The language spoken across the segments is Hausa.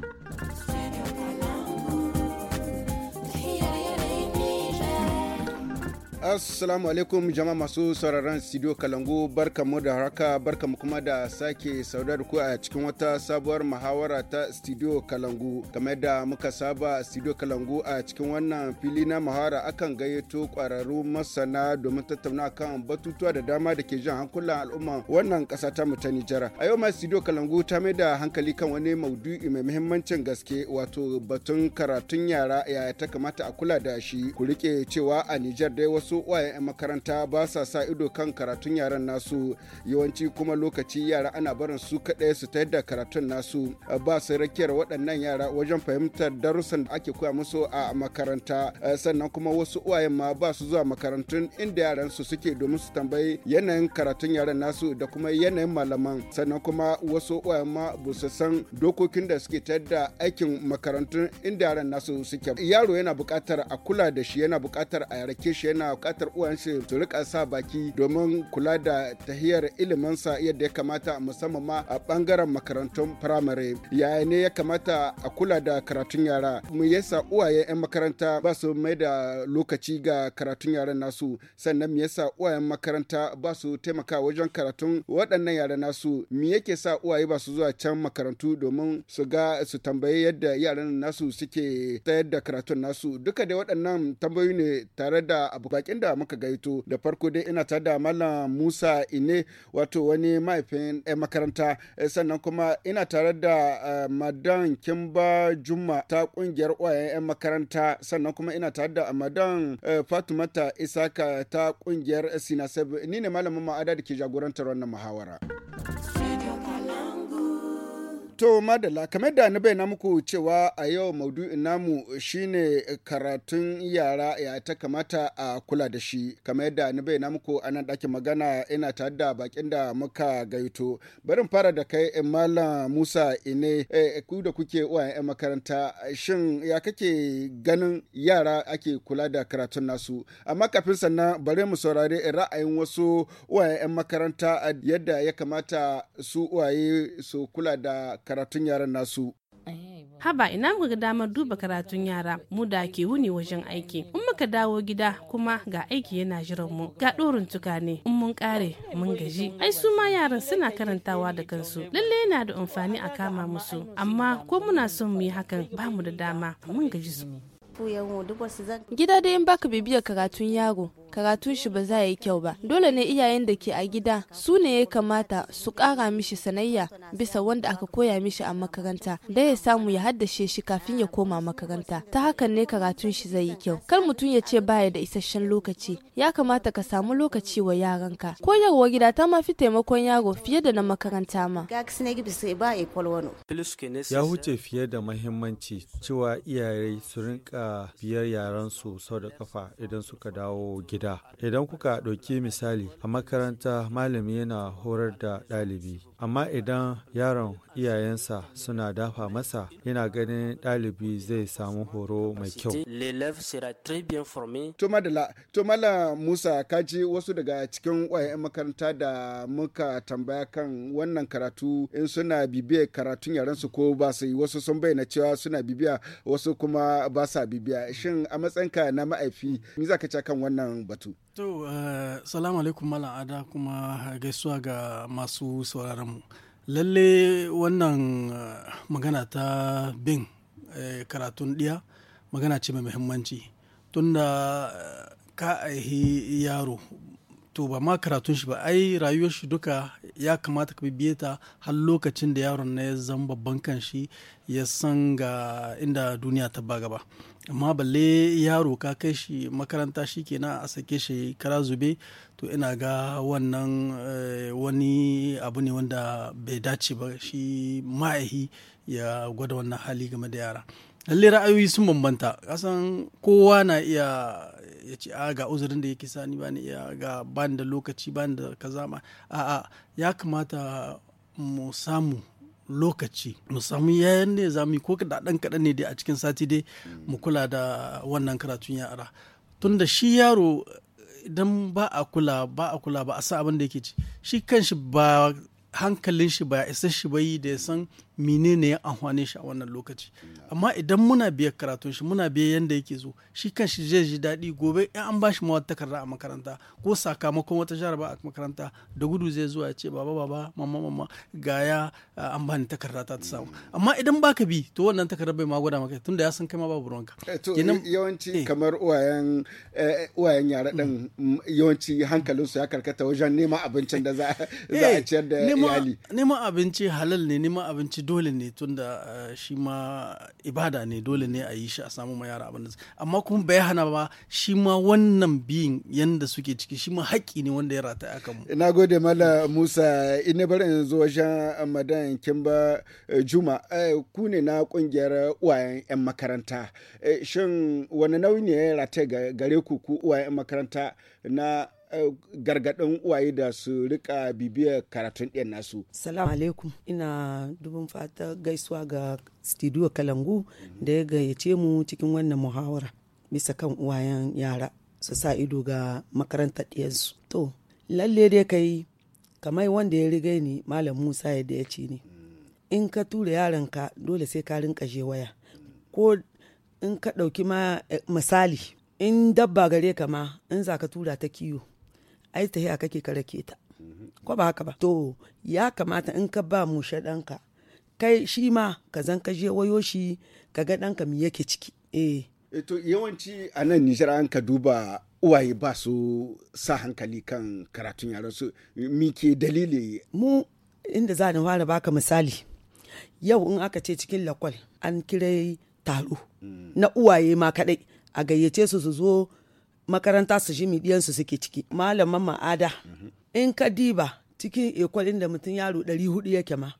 Thank you. Assalamu alaikum jama'a masu sauraron studio Kalangu barkamu da barka barkamu kuma da sake saudar ku a cikin wata sabuwar muhawara ta studio Kalangu. Kamar da muka saba studio Kalangu a cikin wannan fili na muhawara akan gayyato kwararru masana domin tattauna kan batutuwa da dama da ke jan hankulan al'umma wannan kasa ta mu ta Nijar. A yau ma studio Kalangu ta mai da hankali kan wani maudu'i mai muhimmancin gaske wato batun karatun yara yaya ta kamata a kula da shi. Ku rike cewa a Nijar dai wasu wasu uwayen 'yan makaranta ba sa sa ido kan karatun yaran nasu yawanci kuma lokaci yara ana barin su kaɗai su ta yadda karatun nasu ba su rakiyar waɗannan yara wajen fahimtar darussan da ake koya musu a makaranta sannan kuma wasu uwayen ma ba su zuwa makarantun inda yaran su suke domin su tambayi yanayin karatun yaran nasu da kuma yanayin malaman sannan kuma wasu uwayen ma ba su san dokokin da suke ta yadda aikin makarantun inda yaran nasu suke yaro yana buƙatar a kula da shi yana buƙatar a yarake shi yana buƙatar uwan shi su rika sa baki domin kula da tahiyar iliminsa yadda ya kamata musamman ma a ɓangaren makarantun firamare. Yaya ne ya kamata a kula da karatun yara? Mu yasa uwaye 'yan makaranta ba su mai da lokaci ga karatun yaran nasu sannan mu yasa uwayen makaranta ba su taimaka wajen karatun waɗannan yara nasu mu yake sa uwaye ba su zuwa can makarantu domin su ga su tambayi yadda yaran nasu suke tayar da karatun nasu duka da waɗannan tambayoyi ne tare da abu bakin da muka gaito da farko dai ina ta da malam Musa Ine wato wani mahaifin ɗan eh, eh, makaranta sannan kuma ina tare da madan Kimba Juma ta kungiyar ƙwayan 'yan makaranta sannan kuma ina tare da madan Fatumata Isaka ta kungiyar Sinaseb ni ne malamin ma'ada da ke jagorantar wannan muhawara. To madala kamar da na bayyana muku cewa a yau maudu'in namu shine karatun yara ya ta kamata a kula da shi kamar da na bayyana muku a nan ɗakin magana ina tare da bakin da muka gaito barin fara da kai eh, malam Musa Ine eh, ku da kuke uwa yan makaranta shin ya kake ganin yara ake kula da karatun nasu amma kafin sannan bari mu saurari ra'ayin wasu uwa yan makaranta yadda ya kamata su uwaye su kula da karatun yaran nasu haba ina muka damar duba karatun yara mu da ke wuni wajen aiki in muka dawo gida kuma ga aiki yana jiran mu ga dorin tuka ne in mun kare mun gaji ai su ma yaran suna karantawa da kansu lalle yana da amfani a kama musu amma ko muna son mu yi hakan ba mu da dama mun gaji su gida dai in baka bibiyar karatun yaro karatun shi ba za ya yi kyau ba dole ne iyayen da ke a gida su ne ya kamata su kara mishi sanayya bisa wanda aka koya mishi a makaranta da ya samu ya haddashe shi kafin ya koma makaranta ta hakan ne karatun shi zai yi kyau kar mutum ya ce baya da isasshen lokaci ya kamata ka samu lokaci wa yaran yaranka koyarwa gida ta ma fi taimakon yaro fiye da na makaranta ma ya huce fiye da mahimmanci cewa iyaye su rinka biyar yaran su sau da kafa idan suka dawo gida gida. Idan kuka ɗauki misali, a makaranta malami yana horar da ɗalibi, amma idan yaron iyayensa suna dafa masa yana ganin ɗalibi zai samu horo mai kyau. To Mala Musa kaji wasu daga cikin ƙwayayen makaranta da muka tambaya kan wannan karatu in suna bibiyar karatun yaran ko ba su yi wasu sun bayyana cewa suna bibiya wasu kuma ba sa bibiya. Shin a matsayinka na ma'aifi, ni za ka ci kan wannan batu to uh, salamu alaikum malam ada kuma gaisuwa ga masu sauraronmu lalle wannan uh, magana ta bin uh, karatun ɗiya magana ce mai muhimmanci tunda ka aihi yaro to ba ma karatun shi ba ai rayuwar shi duka ya kamata ka bibiye ta har lokacin da yaron na ya zama babban kan shi ya san ga inda duniya ta ba gaba amma balle yaro ka kai shi makaranta shi kenan a sake shi kara zube to ina ga wannan eh, wani abu ne wanda bai dace ba shi ma'ahi ya gwada wannan hali game da yara lalle ra'ayoyi sun bambanta kasan kowa na iya ya ce a ga uzurin da yake sani ba ni iya ga ban da lokaci ban da kaza ma a'a ya kamata mu samu lokaci mu samu yayan ne za mu yi ko kaɗan kaɗan ne dai a cikin sati dai mu kula da wannan karatun yara tunda shi yaro idan ba a kula ba a kula ba a sa abin da yake ci shi kanshi ba hankalin shi ba isa shi ba da ya san menene ya amfane shi a wannan lokaci amma idan muna biyar karatun shi muna biyar yanda yake zo shi kan shi zai ji daɗi gobe in an bashi ma wata takarda a makaranta ko sakamakon wata jaraba a makaranta da gudu zai zuwa ya ce baba baba mama mama ga ya an bani takarda ta samu mm. amma idan baka bi to wannan takarda bai ma gwada maka tunda ya san kai ma babu ruwanka eh, yawanci eh. kamar uwayen eh, uwayen yara din mm. yawanci su ya karkata wajen neman abincin da za a ciyar da iyali neman abinci halal ne neman abinci dole ne tunda eh, shi ma ibada ne dole ne a yi shi a samu ma yara abin da amma kuma bai hana ba shi ma wannan biyin yanda suke ciki shi ma haƙƙi ne wanda ya rata akan mu ina gode mala musa ina bari in zo wajen madan kimba eh, juma eh, ku ne na kungiyar uwayen yan makaranta shin wani nauyi ne ya rata gare ku ku uwayen yan makaranta na gargaɗin uwaye da su rika bibiyar karatun ɗiyan nasu. Salamu alaikum ina dubin fata gaisuwa ga studio Kalangu mhm. da ya gayyace mu cikin wannan muhawara bisa kan uwayen yara su sa ido ga makarantar ɗiyansu. To, lalle dai kai kamar wanda ya riga ni Malam Musa yadda ya ce ni mm. In ka tura yaranka dole sai ka rinka je waya. Mm. Ko in ka ɗauki ma eh, misali in dabba gare ka ma in za ka tura ta kiwo. ai tahiya kake ka rake ta ko ba haka ba to ya kamata in ka ba mu ɗanka kai shi ma ka zan ka je wayo shi ka ga ɗanka me yake ciki eh. eh to yawanci a nan nijar an ka duba uwaye ba su sa hankali kan karatun yaran su mi ke dalili mu inda za ni fara baka misali yau in aka ce cikin lakwal an kirai taro mm. na uwaye ma kadai a gayyace su su zo makaranta su shi diyansu suke ciki malaman ma'ada in ka diba cikin ekwalin da mutum yaro 400 yake ma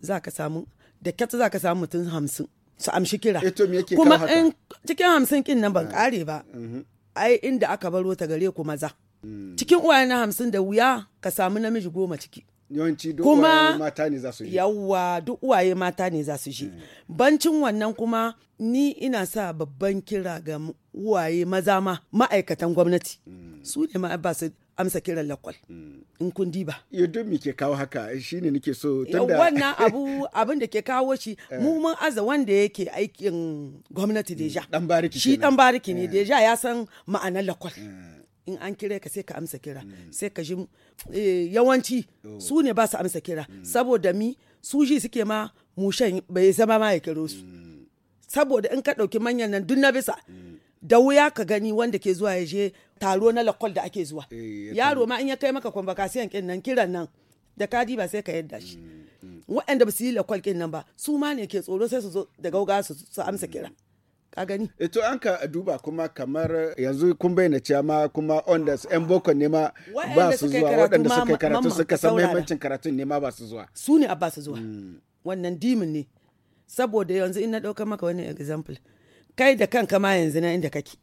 za ka samu da kyata za ka samu mutum hamsin su amshi kira eh, kuma in cikin hamsin kin nan ban kare ah. ba mhm. ai inda aka baro ta gare ku maza hmm. cikin uwaye na hamsin da wuya ka samu namiji goma ciki yawanci duk uwaye mata ne za su je yawa duk uwaye mata ne za su je hmm. bancin wannan kuma ni ina sa babban kira ga uwaye maza ma ma'aikatan gwamnati mm. su ne ma ba su amsa kiran lakwal mm. in kun diba. don mi ke kawo haka shine nake so eh, tunda wannan abu abin da ke kawo shi eh. mu mun aza wanda yake aikin gwamnati mm. deja. Dan bariki shi dan bariki ne eh. deja ya san ma'anar lakwal. in an kira ka sai ka amsa kira sai ka ji yawanci oh. su ne ba su amsa kira saboda mi su ji suke ma mushen bai zama ma ya kiro su saboda in ka ɗauki manyan nan duk na bisa da wuya ka gani wanda ke zuwa ya je taro na lakol da ake zuwa eh, yaro ma in ya kai maka convocation kin nan kiran nan da kadi ba sai ka yadda shi mm, mm. waɗanda ba su yi lakol kin nan ba su ma ne ke tsoro sai su zo da gauga su amsa mm. kira ka gani ito eh, an ka duba kuma kamar yanzu kun bayyana cewa ma kuma on da yan boko ne ma ba su zuwa waɗanda suka karatu suka san muhimmancin karatun ne ma ba su zuwa su ne a ba su zuwa wannan dimin ne saboda yanzu in na ɗaukar maka wani example kai da kanka ma yanzu na inda kake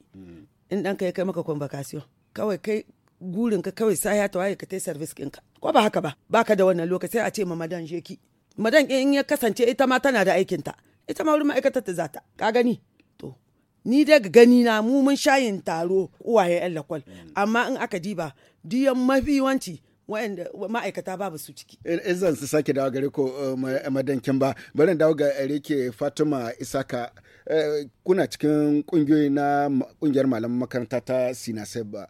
in ɗanka ya kai maka convocation kawai kai gurin ka kawai sai ya tawaye ka tai service kinka ko ba haka ba baka da wannan lokaci a ce ma madan je ki madan in ya kasance ita ma tana da aikin ta ita ma wurin ma'aikatar ta zata ka gani to ni daga gani na mu mun shayin taro uwaye yan lakwal amma in aka diba diyan mafi wanci wa'anda ma'aikata babu su ciki. Izan su sake dawo gare ko eh, eh, madankin ba, barin dawo ga Rike Fatima Isaka eh, kuna cikin kungiyoyi na kungiyar malaman makaranta ta ba.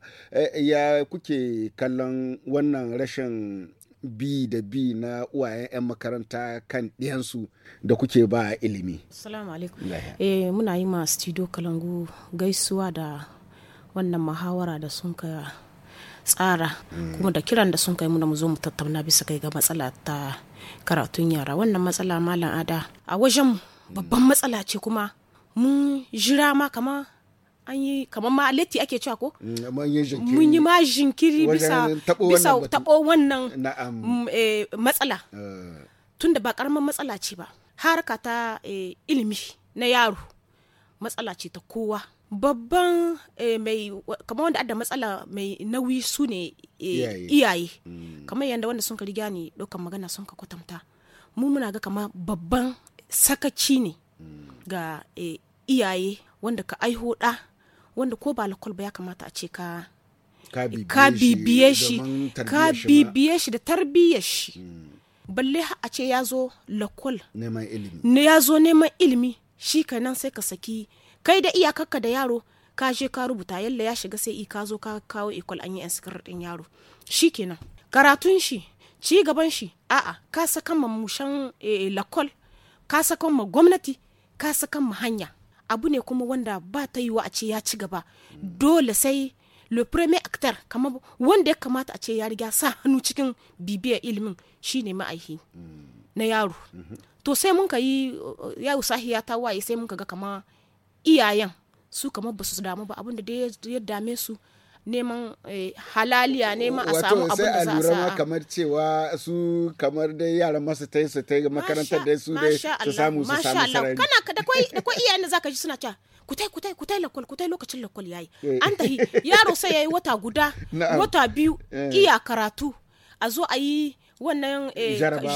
Ya kuke kallon wannan rashin bi da bi na uwayen 'yan makaranta kan ɗiyansu da kuke ba ilimi. Salamu alaikum. Eh, muna yi ma studio kalangu gaisuwa da wannan muhawara da sun ka tsara kuma da kiran da sun kai mu da mu zo mu tattauna bisa kai ga matsala ta karatun yara wannan matsala malam ada a wajen babban matsala ce kuma mun jira ma kama an yi kamar ma letti ake cewa ko mm, mun yi ma jinkiri bisa tabo wannan mm, eh, matsala eh. tunda ba karamar matsala ce ba harka ta eh, ilimi na yaro matsala ce ta kowa babban eh, mai kama wanda adda matsala mai nauyi su ne eh, iyaye hmm. kamar yadda wanda sun ka riga ni ɗaukan magana sun ka kwatanta mu muna ga kama babban sakaci ne hmm. ga eh, iyaye wanda ka aiho ɗa wanda ko ba alkol ba ya kamata a ce ka ka bibiye shi ka bibiye shi da tarbiyyar shi hmm. balle a ce ya zo lakol neman ilimi ya zo neman ilimi shi kenan sai ka saki kai da iyakarka da yaro ka je ka rubuta yalla ya shiga sai i ka zo ka kawo ikal an yi inskar din yaro shi kenan karatun shi ci gaban shi a'a ka saka ma mushan eh, lakol ka saka ma gwamnati ka saka ma hanya abu ne kuma wanda ba ta yiwa a ce ya ci gaba dole sai le premier acteur kamar wanda ya kamata a ce ya riga sa hannu cikin bibiyar ilimin shine ma'aihi mm. na yaro mm-hmm. to sai mun ka yi ya usahi ya ta waye sai mun ka ga kama iyayen su kamar ba su damu ba abinda da ya dame su neman eh, halaliya neman a samu abin da za a wato sai sa kamar cewa su kamar dai yaran masu ta yi su ta yi makarantar da su dai su samu su samu sarari kana da da kwai iyayen da zaka ji suna cewa kutai kutai kutai lakwal kutai lokacin lakwal yayi eh. an ta yi yaro sai yayi wata guda wata biyu eh. iya karatu a zo a yi wannan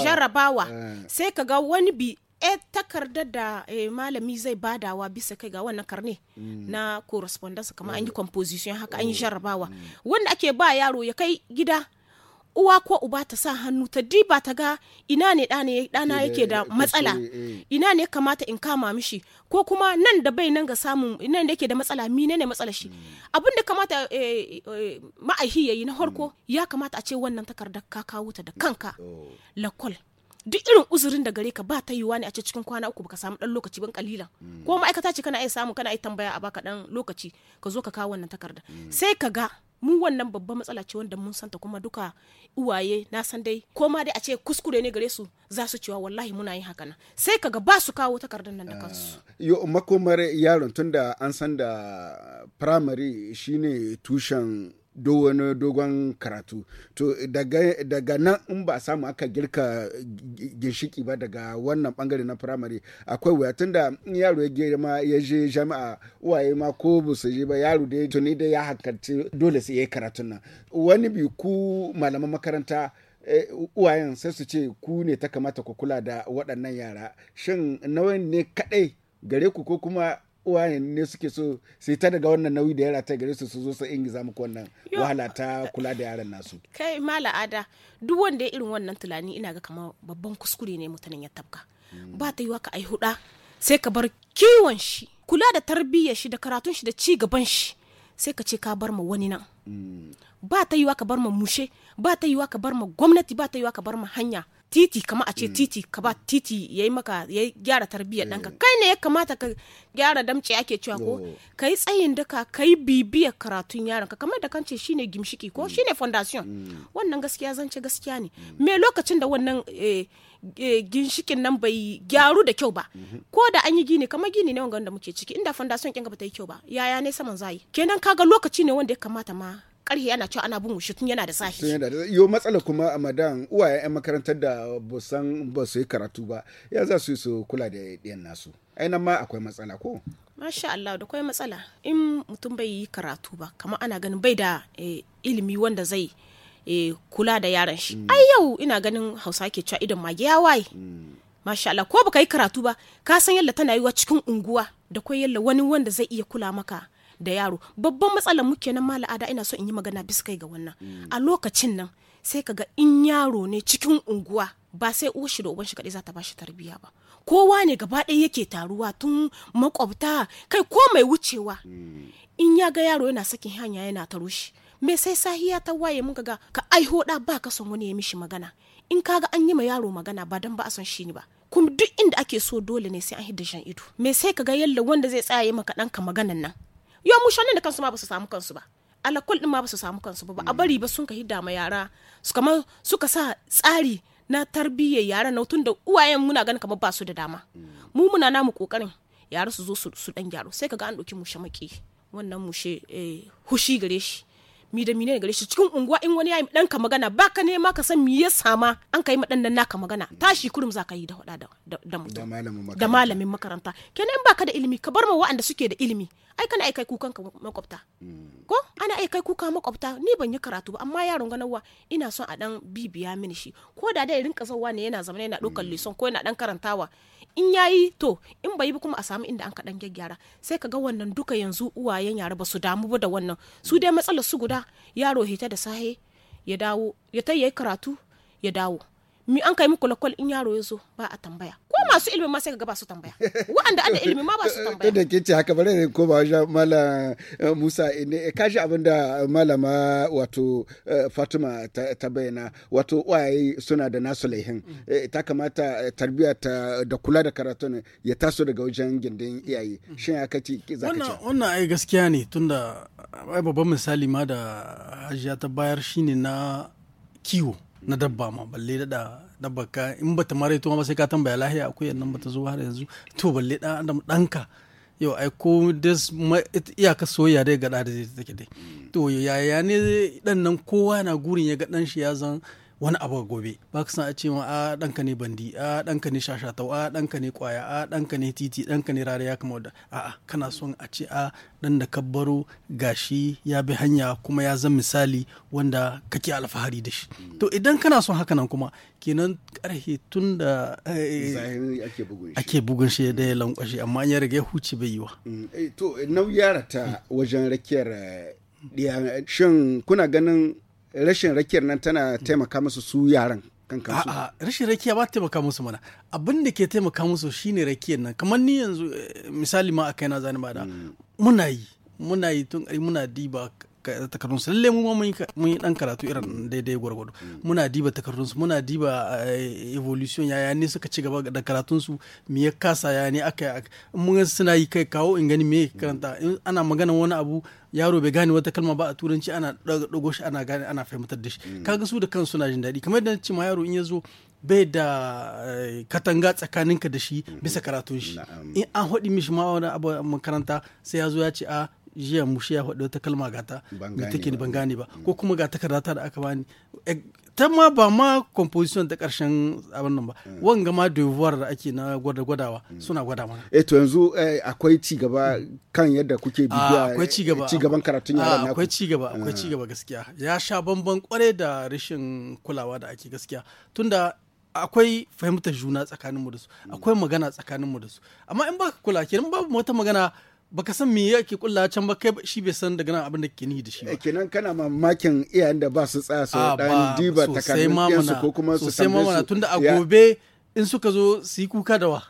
jarabawa sai ka ga wani bi e eh, takarda da e, malami zai badawa bisa kai ga wannan karne mm. na correspondence kamar an yi mm. composition haka an yi mm. jarrabawa mm. wanda ake ba yaro ya kai gida uwa ko uba ta sa hannu ta diba ta ga ina ne dana yake da matsala eh. ina ne kamata in kama mishi ko kuma nan da bai nan ga samun nan da yake da matsala mine ne matsala shi abin da kamata ma'aihi yayi na harko ya kamata a ce wannan takardar ka kawo ta da kanka oh. lakol duk irin uzurin da gare ka ba ta yiwuwa ne a ce cikin kwana uku baka samu dan lokaci ban kalila mm. ko ma'aikata ce kana iya samu kana iya tambaya a baka dan lokaci ka zo ka kawo wannan takarda mm. sai ka ga mu wannan babban matsala ce wanda mun santa kuma duka uwaye na san dai ko ma dai a ce kuskure ne gare su za su cewa wallahi muna yin haka nan sai ka ga ba su kawo takardar nan da ah. kansu yo makomar yaron tunda an san da primary shine tushen do dogon karatu to daga, nan in ba samu aka girka ginshiki ba daga wannan bangare na firamare akwai wuya tun da yaro ya girma ya je jami'a uwaye ma ko ba su je ba yaro da tuni da ya hankalci dole sai ya yi karatun nan wani bi ku malaman makaranta eh, uwayen sai su ce ku ne ta kamata ku kula da waɗannan yara shin nawa ne kaɗai gare ku ko kuma uwayen ne suke so sai ta daga wannan nauyi da yara ta gare su su zo su ingiza ko wannan wahala ta kula da yaran nasu kai ma ada duk wanda ya irin wannan tunani ina ga kamar babban kuskure ne mutanen ya tabka mm. ba ta yi ka ai huda sai ka bar kiwon shi kula da tarbiyyar shi da karatun shi da ci gaban shi sai ka ce ka bar ma wani nan mm. ba ta yi ka bar ma mushe ba ta yi ka bar ma gwamnati ba ta yi ka bar ma hanya titi kama a ce mm. titi ka ba titi ya yi maka ya gyara tarbiyyar mm. ɗanka kai ne ya kamata ka gyara damce ake cewa ko oh. ka yi tsayin daka ka yi bibiyar karatun yaronka kamar da kan ce shine gimshiki ko mm. shine foundation wannan gaskiya zance gaskiya ne me lokacin da wannan eh, eh, ginshikin nan bai gyaru da kyau ba mm-hmm. ko da an yi gini kamar gini ne wanda muke ciki inda foundation kinka ba ta yi kyau ba yaya ne saman zai kenan kaga lokaci ne wanda ya kamata ma karhe yana cewa ana bin wushi tun yana da sahi yo matsala kuma a madan uwaye yan makarantar da ba san ba su yi karatu ba ya za su yi su kula da yan nasu ainihin ma akwai matsala ko masha Allah da kwai matsala in mutum bai yi karatu ba kamar ana ganin bai da eh, ilimi wanda zai eh, kula da yaran shi mm. ai yau ina ganin hausa ke cewa idan mage ya waye mm. masha Allah ko baka yi karatu ba ka san yalla tana yiwa cikin unguwa da kwai yalla wani wanda zai iya kula maka da yaro babban matsalar muke nan ma al'ada ina so in yi magana biskai ga wannan mm. a lokacin nan sai kaga in yaro ne cikin unguwa ba sai uwar shi da uban shi kadai za ta bashi tarbiyya ba kowa ne gaba ɗaya yake taruwa tun makwabta kai ko mai wucewa mm. in ya ga yaro yana sakin hanya yana ta rushe me sai sahiya ta waye mun ga ka aiho da ba ka son wani ya mishi magana in kaga an yi ma yaro magana ba dan ba a son shi ne ba kuma duk inda ake so dole ne sai an hidda shan ido me sai kaga ga yalla wanda zai tsaya maka ɗanka maganan nan yo shanin da kansu ma ba su samu kansu ba alakul din ma ba su samu kansu ba a bari ba sun ka hidda ma yara su kamar suka sa tsari na tarbiyyar yara na tun da uwayen muna ganin kamar ba su da dama mu muna namu kokarin yara su zo su dan gyaro sai ka ga an ɗauki mushe maki wannan mushe eh, hushi gare shi mi da mine gare shi cikin unguwa in wani yayi danka magana baka ne ma ka san me ya sama an kai madan nan naka magana tashi kurum za yi da hada da mutum da malamin makaranta kenan in baka da ilimi ka bar ma wanda suke da ilimi ai kana aikai kukan ka makwabta mm. ko ana aikai kuka makwabta ni ban yi karatu ba amma yaron ganawa ina son a dan bibiya mini shi ko da dai rinka zawa ne yana zama yana ɗaukar mm. lesson ko yana dan karantawa in ya yi to in bai bi kuma a samu inda an kaɗan gyaggyara sai ka ga wannan duka yanzu uwayen yara ba su damu ba da wannan su dai matsalar su guda yaro hita da sahe ya dawo ya ta yi karatu ya dawo mi an kai muku lakwal in yaro ya zo ba a tambaya ko masu ilimi ma sai ga ba su tambaya wa'anda da ilimi ma ba su tambaya da ke ce haka bare ne ko ba ja mala eh, Musa ne eh, ka abin da malama wato eh, Fatima ta bayyana wato waye suna da nasu laihin mm. ta kamata tarbiya ta da kula da karatu ne ya taso daga wajen gindin iyaye mm. shin ya kace za ka ce wannan ai gaskiya ne tunda ai babban misali ma da hajiya ta bayar shine na kiwo na dabba ma balle da dabba ka in bata mara to ma sai ka tambaya lahiya akuyan nan bata zo har yanzu to balle dan adam danka yau ai ko des iyaka soyayya dai gada da take dai to yaya ne dan nan kowa na gurin ya ga dan shi ya zan wani abu gobe ba ka san a ce ma a ɗanka ne bandi a ɗanka ne shashatau a ɗanka ne kwaya a ɗanka ne titi ɗanka ne rariya kamar da a kana son a ce a ɗan da kabbaro gashi ya bi hanya kuma ya zan misali wanda kake alfahari da shi to idan kana son haka nan kuma kenan karhe tun da eh, ake bugun shi da ya lankwashe amma ya riga ya huce bai yi wa. Mm, eh, to ta wajen rakiyar eh, shin kuna ganin rashin rakiyar nan tana taimaka musu su yaran kan su. rashin rakiya ba taimaka musu mana abin da ke taimaka musu shine rakiyar nan kamar ni yanzu eh, misali ma a kaina zani ba da hmm. muna yi muna yi tun muna diba takardunsu lalle mu ma mun yi dan karatu irin daidai gwargwado muna diba takardunsu muna diba eh, evolution yaya ne suka ci gaba da karatunsu me ya kasa ya ne aka mun suna yi kai kawo in gani me karanta ana magana wani abu yaro bai gane wata kalma ba a turanci ana dago shi ana gane ana fahimtar da shi mm. kaga su da kansu suna jin daɗi kamar da ce ma yaro in ya zo bai da eh, katanga tsakaninka da shi mm. bisa karatun shi in an haɗi mishi ma wani abu makaranta sai ya zo ya ce a ah, jiya mushi ya faɗi wata kalma gata ta take ban gane ba mm. ko kuma ga takardata da aka bani eh, ta ma ba ma composition ta karshen abin nan ba mm. wanga ma devoir da ake na gwada gwadawa mm. suna gwada mana eh to yanzu eh, akwai ci gaba kan yadda kuke ah, bibiya akwai ci gaba eh, ci gaban karatun yaran ah, naku akwai ci gaba akwai ci ah. gaba gaskiya ya sha bamban kware da rashin kulawa da ake gaskiya tunda akwai fahimtar juna tsakaninmu da su akwai magana tsakaninmu da su amma in baka kula kenan babu wata magana baka san me yake kulla can ba kai shi bai san daga nan abin da ke ni da shi ba eh, kenan kana mamakin iyayen da ba su tsaya su ah, dan diba takardun su ko kuma su sosai mamana tunda a gobe in suka zo su yi kuka da wa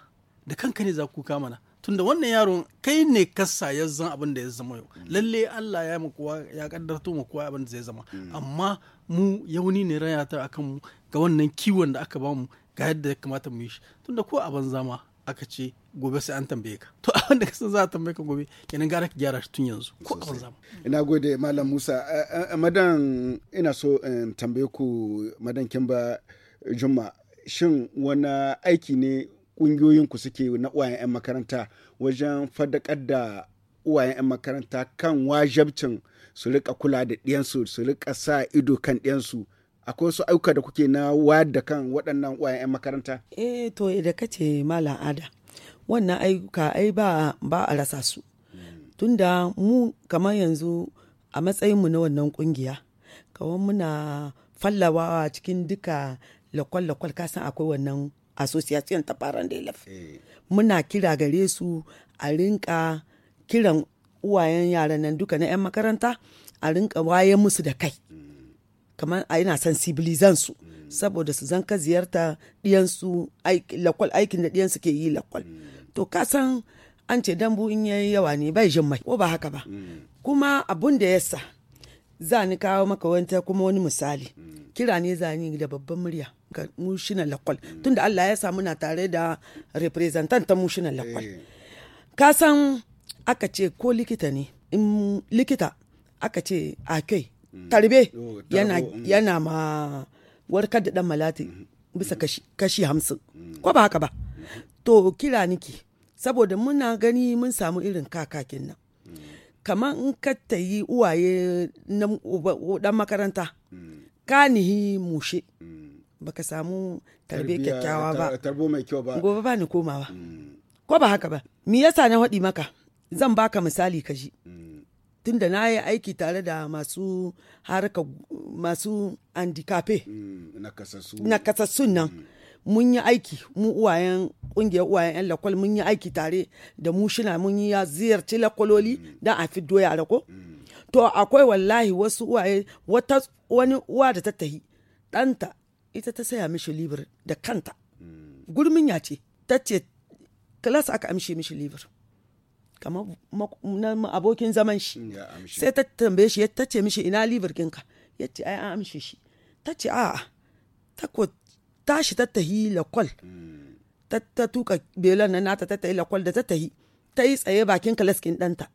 da kanka ne za ku kuka mana tunda wannan yaron kai ne kasa ya zan abin da ya zama yau mm. lalle Allah ya mu kowa ya kaddarto mu kowa abin da zai zama mm. amma mu yauni ne rayata akan mu ga wannan kiwon da aka bamu ga yadda ya kamata mu yi shi tunda ko a banza ma aka ce gobe sai an tambaye ka to a wanda kasan za a tambaye ka gobe kenan gara ka gyara shi tun yanzu ko a wanzu ina gode malam musa madan ina so in tambaye ku madan kimba juma shin wani aiki ne ƙungiyoyinku suke na uwayen 'yan makaranta wajen faɗaƙar da uwayen 'yan makaranta kan wajabcin su rika kula da ɗiyansu su rika sa ido kan ɗiyansu akwai wasu auka da kuke na wayar da kan waɗannan uwayen 'yan makaranta eh to ka kace malam ada wannan ayyuka ai ba ba a rasa su tunda mu kamar yanzu a matsayin mu na wannan kungiya kawai muna fallawa cikin duka lakwal-lakwal kasan akwai wannan association ta faran da eh. muna kira gare su a rinka kiran uwayen yaran nan duka na 'yan makaranta a rinka waye musu da kai mm. kamar a yana san sibilizan su mm. saboda su zanka ziyarta ɗiyansu lakwal aikin da ɗiyansu ke yi lakwal mm. to ka san an ce dambu in yayi yawa ne bai jin mai ko ba haka ba mm. kuma abun da yasa za ni kawo maka wanta kuma wani misali kira ne za ni da babban murya ga mushinan lakwal tunda Allah ya samu na tare da representant ta mushinan lakwal eh. ka san aka ce ko likita ne in likita aka ce a kai Mm. Oh, tarbe mm. yana ma warkar da dan malati mm. bisa kashi hamsin ko ba haka ba to kira niki saboda muna gani mun samu irin kakakin nan kamar in ka yi uwaye dan makaranta kanihi mushe baka samu tarbe kyakkyawa ba gobe ba ni komawa ko ba haka ba me yasa na haɗi maka zan baka misali ka ji tunda na yi aiki tare da masu haraka masu mm, na nakasassun nan mm. mun yi aiki mu uwayen kungiyar uwayen yan lakwal mun yi aiki tare da mu shina mun yi ya ziyarci lakwaloli mm. don a fi doya ko to akwai wallahi wasu uwaye wata wani uwa da ta tahi ɗanta ita ta saya mishi libir da kanta gurmin ya ce ta ce kilas aka amshe mishi libir kamar na abokin zaman shi sai ta tambaye shi ta ce mishi ina liburkinka ya ce ai an amshe shi ta ce a'a ta ko tashi ta tahi lakwal ta tuka belon na nata ta tahi lakwal da ta tahi ta yi tsaye bakin kalaskin ɗanta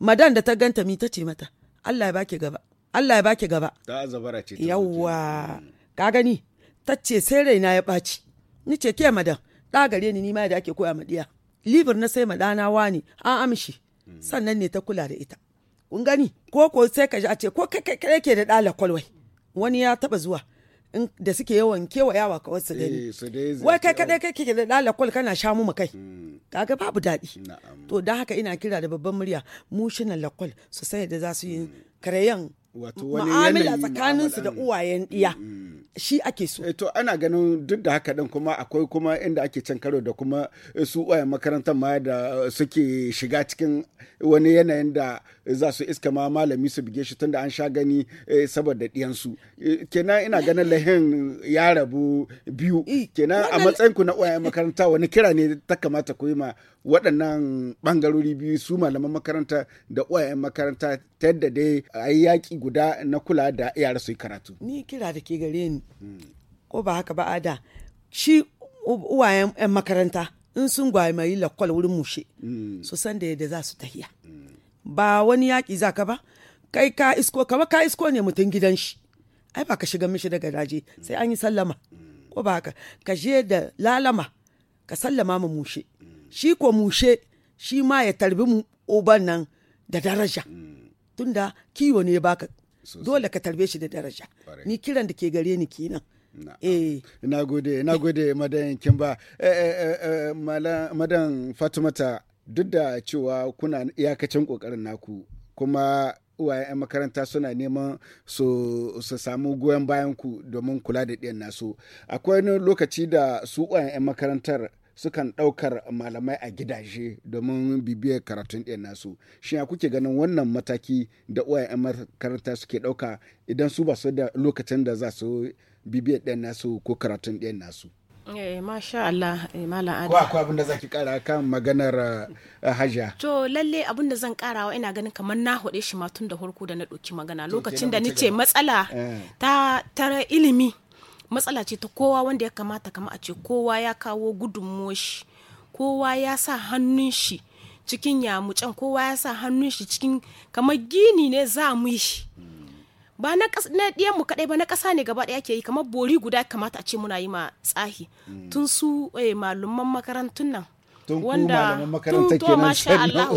madan da ta ganta mi ta ce mata Allah ya baki gaba Allah ya baki gaba ta azabara ce yawa ka gani ta ce sai raina ya ɓaci ni ce ke madan ɗa gare ni ni ma da ake koya ma ɗiya libir na sai ma wa ne an amshi sannan ne ta kula da ita kun gani ko ko sai ka ji a ce ko kai kai ke da dala kwalwai wani ya taba zuwa da suke yawan kewayawa ka wasu gani eh, wai kai kadai kai ke da dala kwal kana sha mu kai hmm. kaga babu daɗi to don haka ina kira da babban murya mu shina lakwal su sai da za su yi hmm. karayan ma'amala tsakaninsu da uwayen ɗiya hmm. shi ake so. Eh, to ana ganin duk da haka din kuma akwai kuma inda ake cin karo da kuma su wayan makarantar ma da eh, suke shiga cikin wani yanayin da za su iska ma malami su bige shi tunda an sha gani eh, saboda diyansu. Eh, kenan ina ganin lahin ya rabu biyu kenan a matsayinku na uwayen makaranta wani kira ne ta kamata ku yi ma waɗannan ɓangarori biyu su malaman makaranta da uwayen makaranta ta yadda dai a yi yaƙi guda na kula da yara su yi karatu ni kira da ke gare ni ko ba haka ba ada shi uwayen eh, makaranta in sun gwamayi lakwal wurin mushe mm. su san da yadda za su tahiya mm. ba wani yaƙi za ka ba kai ka isko kama ka isko ne mutum gidan shi ai ba ka shiga mishi daga daji sai an yi sallama ko ba ka ka je da lalama ka sallama mu mushe shi ko mushe shi ma ya tarbi mu oban nan da daraja tunda kiwo ne baka dole ka tarbe shi da daraja ni kiran da ke gare ni kenan eh. na gode na gode madan kimba eh, eh, madan fatimata duk da cewa kuna iyakacin kokarin naku kuma uwayen 'yan makaranta suna neman su samu goyon bayan ku domin kula da ɗiyan nasu akwai wani lokaci da su uwayen 'yan makarantar sukan ɗaukar malamai a gidaje domin bibiyar karatun ɗiyan nasu shi ya kuke ganin wannan mataki da uwayen 'yan makaranta suke ɗauka idan su ba su da lokacin da za su bibiyar ɗiyan nasu ko karatun ɗiyan nasu Eh, masha eh, Ko akwai abin da zaki kara kan maganar eh, hajja. To lalle abin da zan karawa ina ganin kamar na hode shi ma tun da farko da na ɗauki magana lokacin da nice matsala ta tara ilimi matsala ce ta kowa wanda ya kamata kama a ce kowa ya kawo gudunmoshi kowa ya sa hannun shi cikin yamucan kowa ya sa hannun shi cikin kamar gini ne za mu yi. ba na ɗiyan mu kaɗai ba na ƙasa ne gaba ɗaya ke yi kamar bori guda kamata a ce muna yi ma tsahi mm. tun su eh, malaman makarantun nan tun ku makarantar masha Allah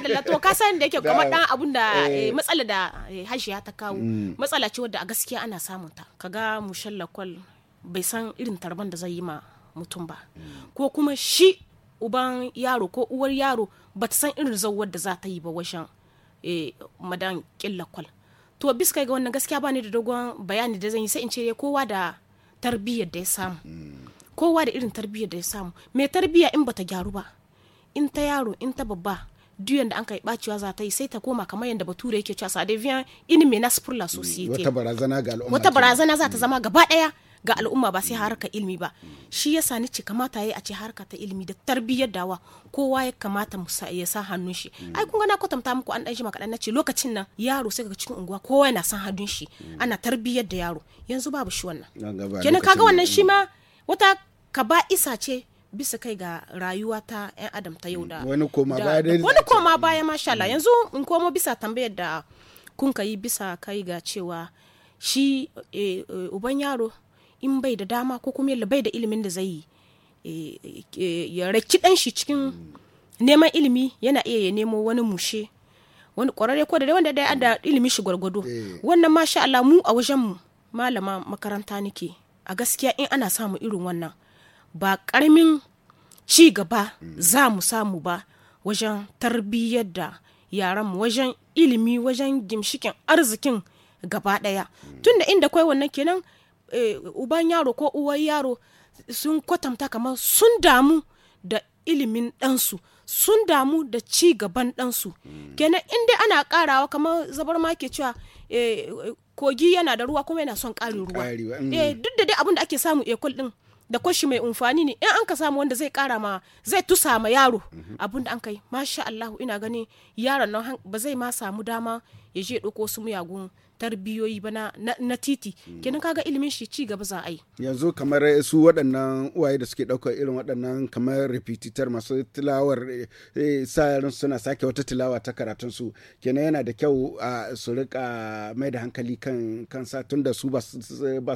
to ka san da yake kamar dan abun da eh. Eh, matsala da ya ta kawo mm. matsala ce wadda a gaskiya ana samun ta ga mushalla kwal bai san irin tarban da zai yi ma mutum ba mm. ko kuma shi uban yaro ko uwar yaro ba ta san irin zawar da za ta yi ba wajen madan killa kwal to bisa ga wannan gaskiya bani da dogon bayani da zan yi sai in ce kowa da tarbiyyar da ya samu kowa da irin tarbiyyar da ya samu mai tarbiyya in bata gyaru ba in ta yaro in ta babba duyan da an kai bacewa za ta yi sai ta koma kamar yadda bature yake cewa sa devient in me pour la mm, société wata barazana ga al'umma wata barazana za ta zama gaba daya ga al'umma ba sai harka ilimi ba shi yasa ni ce kamata yayi a ce harka ta ilimi da tarbiyyar dawa kowa ya kamata ya sa hannun shi mm. ai kun ga na kwatanta muku an dan jima kadan nace lokacin nan yaro sai ga cikin unguwa kowa yana san hannun shi mm. ana tarbiyyar da yaro yanzu babu shi wannan kenan kaga wannan shi ma wata ka ba isa ce bisa kai ga rayuwa ta 'yan adam ta yau da mm. wani koma baya da wani koma baya masha Allah yanzu in komo bisa tambayar da kun ka yi bisa kai ga cewa shi eh, eh, uban yaro in bai da dama ko kuma yalla bai da ilimin da zai eh, eh, ya raki dan shi cikin neman ilimi yana iya ya nemo wani mushe wani kwararre ko da dai wanda dai da ilimi shi gwargwado eh. wannan sha Allah mu a wajen mu malama makaranta nake a gaskiya in ana samu irin wannan ba karamin ci gaba za mu samu ba wajen tarbiyyar da yaran mu wajen ilimi wajen gimshikin arzikin gaba daya tunda inda kwai wannan kenan Eh, uban yaro ko uwar yaro sun kwatanta kamar sun damu da ilimin ɗansu sun damu da ci gaban ɗansu hmm. kenan inda ana karawa kamar zabar ma ke cewa eh, kogi yana da ruwa kuma yana son karin ruwa hmm. eh, duk da dai abin da ake samu ekol ɗin da kwashi mai umfani ne in an ka samu wanda zai kara ma zai tusa ma yaro mhm. da an kai masha Allahu ina gani yaron nan ba zai ma samu dama ya je ɗauko su miyagun tarbiyoyi ba na, na, titi kenan ga ilimin shi ci gaba za a yi yanzu kamar su waɗannan uwaye da suke ɗaukar irin waɗannan kamar repetitor masu tilawar eh, sa suna sake wata tilawa ta karatun su kenan yana da kyau a su rika mai da hankali kan kansa tun da su ba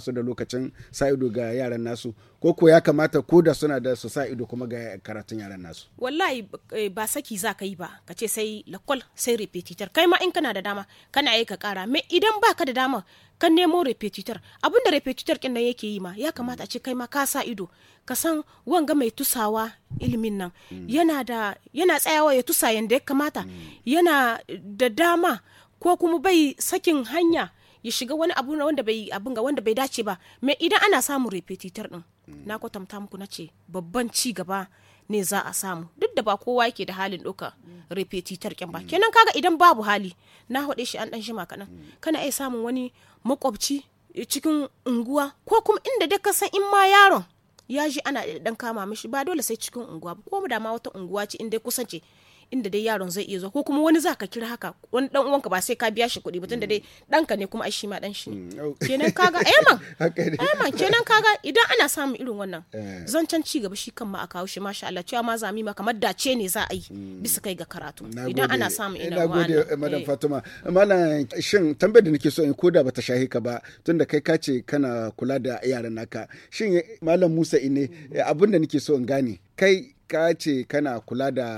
su da lokacin sa ido ga yaran nasu ko ko ya kamata ko da suna da su sa ido kuma ga karatun yaran nasu wallahi eh, ba saki za ka yi ba ka ce sai lakwal sai repetitor kai ma in kana da dama kana yi ka kara me idan idan baka da dama kan nemo repetitor abin da repetitor kin nan yake yi ma ya kamata a ce kai ma ka sa ido ka san wanga mai tusawa ilimin nan mm. yana da yana tsayawa ya tusa yanda ya kamata mm. yana da dama ko kuma bai sakin hanya ya shiga wani abu wanda bai abin ga wanda bai dace ba mai idan ana samun repetitor din mm. na kwatanta muku na ce babban ci gaba ne za a samu duk da ba kowa yake da halin ɗauka repetitor kyan ba mm. kenan kaga idan babu hali na haɗe shi an ɗan shima kaɗan mm. kana iya samun wani makwabci cikin unguwa ko kuma inda dai ka san in ma yaron ya ji ana ɗan kama mishi ba dole sai cikin unguwa ba ko da ma wata unguwa ce inda kusance ce inda dai yaron zai iya zuwa ko kuma wani zaka kira haka wani dan uwanka ba sai ka biya shi kuɗi ba tunda dai ɗanka ne kuma ai shi ma dan shi mm, kenan kaga eh man eh man kenan kaga idan ana samun irin wannan eh. zancan ci gaba shi kan ma a kawo shi masha Allah cewa ma zami ma kamar dace ne za a yi mm. bisa kai ga karatu idan ana samun eh, irin wannan nagode madam Fatima malam shin tambayar da nake so in koda bata shahi ka ba tunda kai ka ce kana kula da yaran naka shin malam Musa ine abin da nake so in gane kai ka ce kana kula da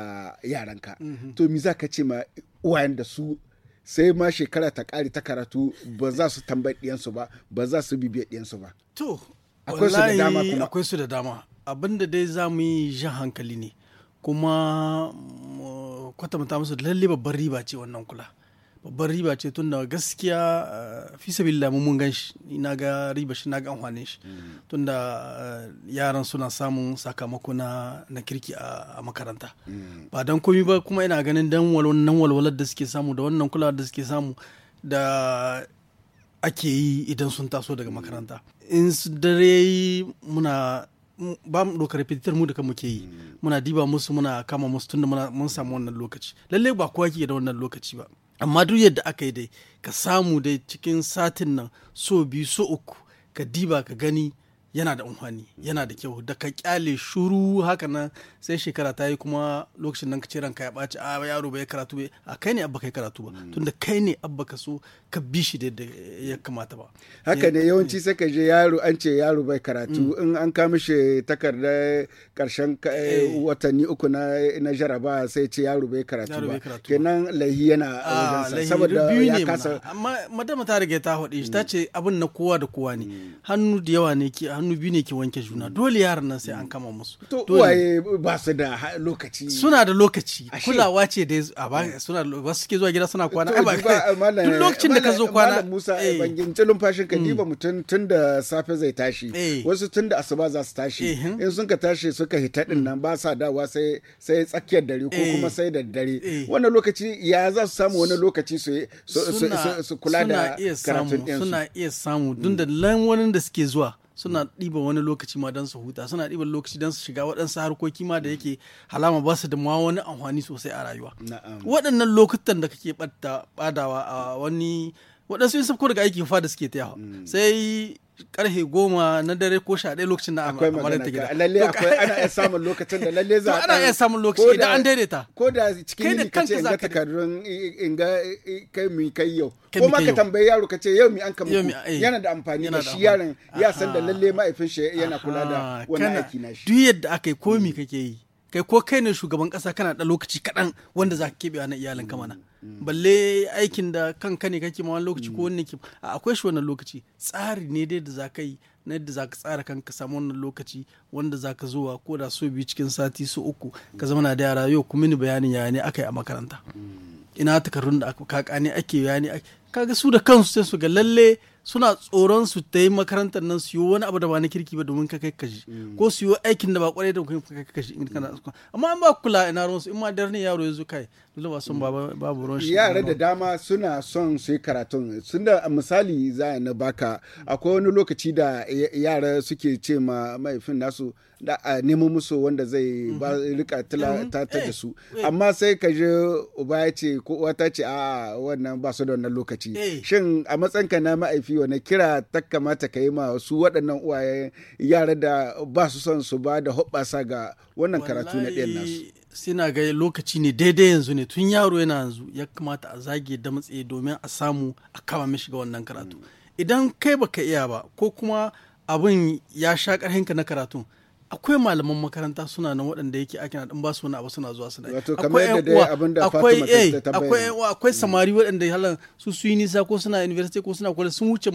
yaranka mhm. to mi za ka ce ma uwayen da su sai ma shekara ta kare ta karatu ba za su tambayi ɗiyansu ba ba za su bibiya ɗiyansu ba to akwai su da dama kuma da dai za mu yi jan hankali ne kuma kwatanta musu lalle babbar riba ce wannan kula babban riba ce tun da gaskiya eh, fi sabilla mun gan shi na ga riba shi na ga amfanin shi mm. tun da eh, yaran suna samun sakamako na kirki a makaranta mm. ba dan komi ba kuma ina ganin dan nan walwalar da suke samu da wannan kulawar da suke samu da ake yi idan sun taso daga mm. makaranta in su dare muna ba mu dokar fitar mu da kan muke yi muna diba musu muna kama musu tunda mun samu wannan lokaci lalle ba kowa ke da wannan lokaci ba amma duk yadda aka yi dai ka samu dai cikin satin nan so biyu so uku ka diba ka gani yana da amfani yana da kyau da ka kyale shuru haka nan sai shekara ta yi kuma lokacin nan ka ce ranka ya ɓaci a ah, yaro bai karatu ba a kai ne abba kai karatu ba mm. da kai ne abba ka so ka bi shi da ya kamata ba haka ne yawanci sai ka je yaro an ce yaro bai karatu mm. in an ka shi takarda karshen watanni uku na na jaraba sai ce yaro bai karatu ba kenan lahi yana ah, saboda ya kasa amma madama ta rage ta hode shi ta mm. ce abin na kowa da kowa ne hannu da yawa ne ke hannu hannu biyu ne ke wanke juna mm. dole yaran nan sai an mm. kama musu to uwaye ba su da lokaci suna da lokaci kulawa ce da a ba mm. suna ba suke zuwa gida suna kwana ai ba duk lokacin da ka zo kwana malam Musa eh. bangin cilin fashin ka diba mutum tun da safe zai tashi eh. wasu tun da asuba za su tashi eh. in sun ka tashi suka hita din nan ba sa dawa sai sai tsakiyar dare ko kuma sai da dare wannan lokaci ya za su samu wani lokaci su su kula da karatun ɗinsu suna iya samu dun da lan wani da suke zuwa suna ɗiba wani lokaci ma don su huta suna ɗiban lokaci don su shiga waɗansu harkoki ma da yake halama ba su da ma wani amfani sosai a rayuwa waɗannan lokutan da kake ɓadawa a wani waɗansu yin sabko daga aikin fada suke tayawa mm. sai karfe goma na dare ko sha ɗaya lokacin na amaryar ta gida. Lalle akwai ana iya samun lokacin da lalle za a ana iya samun lokaci idan an daidaita. Ko da cikin yini ka ce in ga takardun in ga kai mi kai yau. Ko ma ka tambayi yaro ka ce yau mi an kama yana da amfani da shi yaron ya san da lalle ma'aifin shi yana kula da wannan aiki na shi. Duk yadda aka yi ko mi mm. kake yi. Kai ko kai ne shugaban kasa kana da lokaci kaɗan wanda za ka keɓe na iyalin kamana. balle aikin da kanka ne kake ma wani lokaci ko wani ke akwai shi wannan lokaci tsari ne dai da za ka yi na yadda za ka tsara kanka samu wannan lokaci wanda za ka zuwa ko da so biyu cikin sati su uku ka zama na da yara yau kuma ni bayanin ya ne aka yi a makaranta ina takardun da aka kaka ne ake ya ne kaga su da kansu sai su ga lalle suna tsoron su ta yi makarantar nan su yi wani abu da ba na kirki ba domin ka kai kashi mm. ko su yi aikin da ba kwarai da ka kai kashi in kana asuwa amma an ba kula ina ruwan su in ma dare ne yaro ya zo kai dole ba son mm. babu ruwan shi yara da dama suna son su yi karatun sun da misali za na baka akwai wani lokaci da yara suke ce ma mahaifin nasu da a nemo musu wanda zai ba mm-hmm. rika tata mm-hmm. da eh, su eh. amma sai ka je uba ya ce ko uwa ta ce a wannan ba su da wannan lokaci eh. shin a matsayinka na ma'aifi wani kira ta kamata ka yi ma su waɗannan uwaye yara da ba su son su ba da hoɓasa ga wannan karatu na ɗayan nasu sina ga lokaci ne daidai yanzu ne tun yaro yana yanzu ya kamata a zage da matsayi domin a samu a kama mishi ga wannan karatu mm. idan kai baka iya ba ko kuma abin ya sha ƙarhinka na karatun akwai malaman makaranta suna nan waɗanda yake ake na ɗan ba su wani abu suna zuwa suna wato kamar yadda dai abin da eh, akwai samari waɗanda halan su su yi nisa ko suna university ko suna kwale sun wuce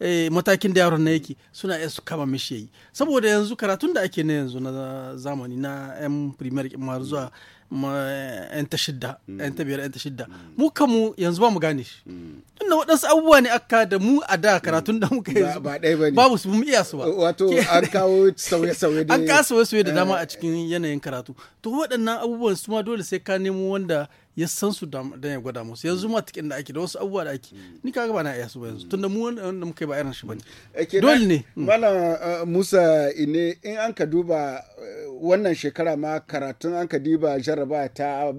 eh, matakin da yaron na yake suna iya su kama mishi yi saboda yanzu karatun da ake na yanzu na zamani na yan primary har zuwa 'yan ta shidda mm. 'yan ta biyar 'yan ta shidda mm. mu mu yanzu ba mu gane shi mm. tunda waɗansu abubuwa ne aka da mu a da karatun da muka yanzu ba ɗaya ba ne babu su mu iya su ba wato an kawo sauye-sauye da an kawo sauye-sauye da dama a eh. cikin yanayin karatu to waɗannan abubuwan su ma dole sai ka nemo wanda ya san su dan ya gwada musu yanzu ma tikin da ake da wasu abubuwa da ake mm. ni kaga ba na iya su ba yanzu mm. tunda mu wanda muka yi ba irin shi bane eh, dole ne mm. malam eh, Musa ine in an ka duba eh, wannan shekara ma karatun an ka diba jaraba ta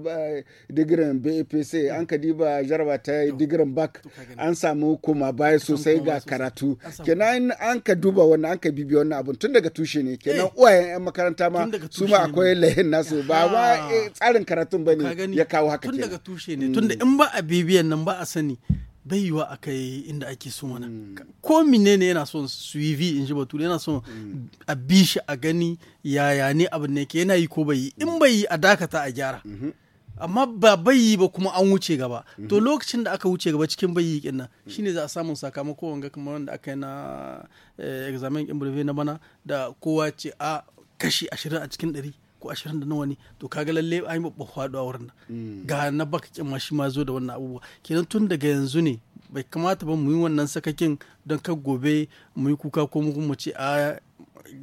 digirin BAPC an ka diba jaraba ta digirin BAC an samu koma bai sosai ga karatu kenan an ka duba wannan an ka bibi wannan abun tun daga tushe ne kenan uwayen yan makaranta ma su ma akwai lahin nasu ba ma tsarin karatun bane ya kawo haka tun daga tushe ne tun da mm. in ba a bibiyan nan ba a sani bai yiwa a kai inda ake so mana mm. ko ne yana son su yi vi in ji batu yana son mm. a bi shi a gani yaya ne abin ne ke yana yi ko bai yi in bai yi a dakata a gyara mm-hmm. amma ba bai yi ba kuma an wuce gaba to mm-hmm. lokacin da aka wuce gaba cikin bai yi kinnan shine za a samu sakamako wanga kamar wanda aka yi na eh, examen in na bana da kowa ce a kashi ashirin a cikin ɗari ko ashirin da nawa ne to kaga lalle an yi babban a wurin mm. ga na baka kin ma shi ma zo da wannan abubuwa kenan tun daga yanzu ne bai kamata ba mu yi wannan sakakin don ka gobe mu yi kuka ko mu ce a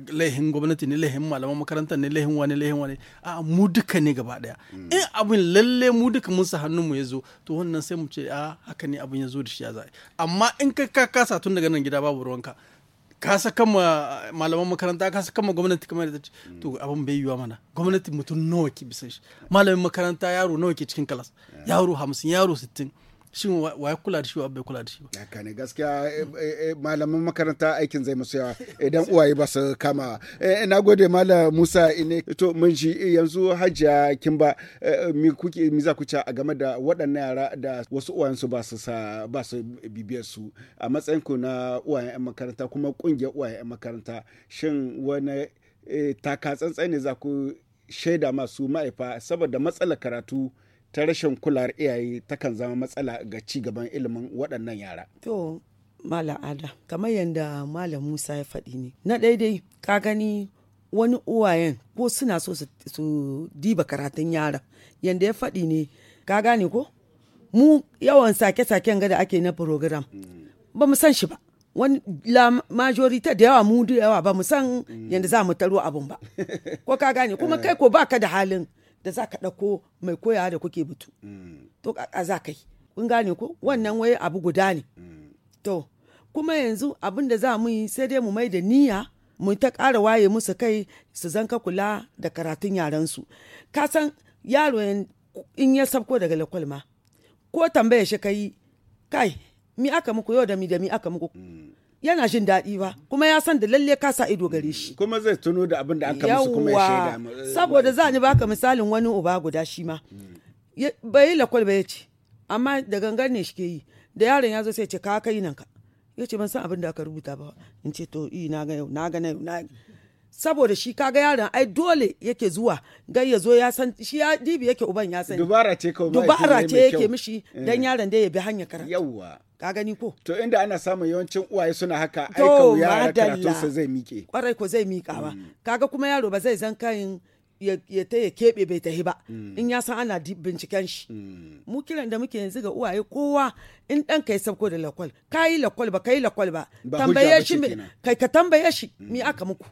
laihin gwamnati ne laihin malaman makarantar ne laihin wani laihin wani a mu duka ne gaba daya mm. in abin lalle mu duka mun sa mu ya zo to wannan sai mu ce a haka ne abin ya zo da shi ya za'a amma in ka kasa tun daga nan gida babu ruwanka ka saka ma malaman makaranta ka saka ma gwamnati kamar da mm. to abin bai yiwa mana gwamnati mutum nawa ke bisa shi malamin makaranta yaro nawa ke cikin kalas yaro hamsin yaro sittin shin wa kula da shi wa bai kula da shi ba haka ne gaskiya eh, eh, eh, malaman makaranta aikin zai musu yawa idan uwaye ba su kama na gode malam Musa ine to mun ji yanzu Hajiya Kimba mi kuke mi za ku ci a game da waɗannan yara da wasu uwayensu ba su ba su bibiyar su a matsayin ku na uwayen 'yan makaranta kuma kungiyar uwayen 'yan makaranta shin wani taka tsantsan ne za ku shaida masu ma'aifa saboda matsalar karatu ta rashin kular iyaye takan zama matsala ga ci gaban ilimin waɗannan yara. To, Malam Ada, kamar yadda Malam Musa ya faɗi ne. Na daidai, ka gani wani uwayen ko suna so su diba karatun yara. Yadda ya faɗi ne, ka gane ko? Mu yawan sake-saken gada ake na program. Hmm. Ba mu san shi ba. wani la majorita da yawa mu da yawa ba mu san hmm. yadda za mu taro abin ba ko ka gane kuma eh. kai ko baka da halin da za ka ɗauko mai koyawa da kuke butu mm. to a za yi. kun gane ko wannan wai abu guda ne mm. to kuma yanzu abin da za mu yi sai dai mu mai da niyya mu ta ƙara waye musu kai su zanka kula da karatun yaransu ka san yaro in ya sabko daga lakwal ma ko tambaya shi kai kai mi aka muku yau da mi da mi aka muku mm. yana jin daɗi ba kuma ya san da lalle ka sa ido gare shi kuma zai tuno da abin da an musu kuma ya shaida eh, saboda eh. za ni baka misalin wani uba guda shi ma mm. bai lakwal ba ya amma da gangan ne shi ke yi da yaron ya zo sai ce ka kai nan ka ya ban san abin da aka rubuta ba in ce to i na ga yau na ga na na saboda shi kaga yaron ai dole yake zuwa gai ya zo ya san shi ya dibi yake uban ya sani dubara ce kawai dubara ce yake mishi eh. dan yaron da ya bi hanya karatu yawa ka gani ko to inda ana samun yawancin uwaye suna haka ai yaron karatu sa zai mike kwarai ko zai mika ba mm. kaga kuma yaro ba zai zan kan ya ta ya keɓe bai tahi ba mm. in ya san ana binciken shi mm. mu kiran da muke yanzu ga uwaye kowa in ɗan kai sabko da lakwal kai lakwal ba kai lakwal ba tambaye shi ka tambaye shi me aka muku